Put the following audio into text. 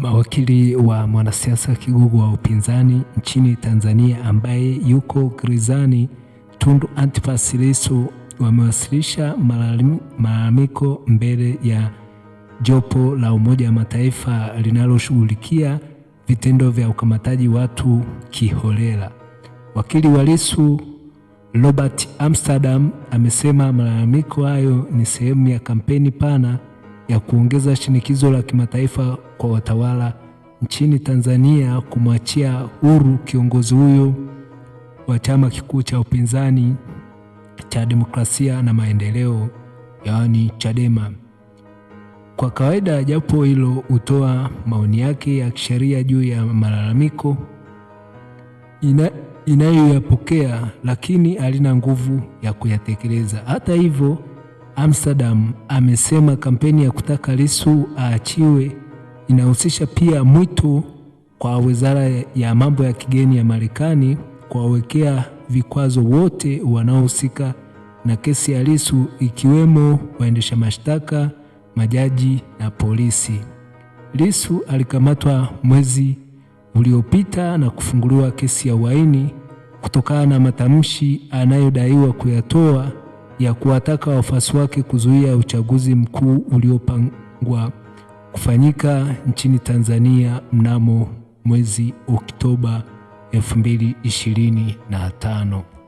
Mawakili wa mwanasiasa kigogo wa upinzani nchini Tanzania ambaye yuko gerezani Tundu Antipas Lissu wamewasilisha malalamiko mbele ya jopo la Umoja wa Mataifa linaloshughulikia vitendo vya ukamataji watu kiholela. Wakili wa Lissu Robert Amsterdam amesema malalamiko hayo ni sehemu ya kampeni pana ya kuongeza shinikizo la kimataifa kwa watawala nchini Tanzania kumwachia huru kiongozi huyo wa chama kikuu cha upinzani cha demokrasia na maendeleo, yaani Chadema. Kwa kawaida japo hilo hutoa maoni yake ya kisheria juu ya malalamiko ina, inayoyapokea lakini halina nguvu ya kuyatekeleza. Hata hivyo Amsterdam amesema kampeni ya kutaka Lissu aachiwe inahusisha pia mwito kwa wizara ya mambo ya kigeni ya Marekani kuwawekea vikwazo wote wanaohusika na kesi ya Lissu ikiwemo waendesha mashtaka, majaji na polisi. Lissu alikamatwa mwezi uliopita na kufunguliwa kesi ya uhaini kutokana na matamshi anayodaiwa kuyatoa ya kuwataka wafuasi wake kuzuia uchaguzi mkuu uliopangwa kufanyika nchini Tanzania mnamo mwezi Oktoba 2025.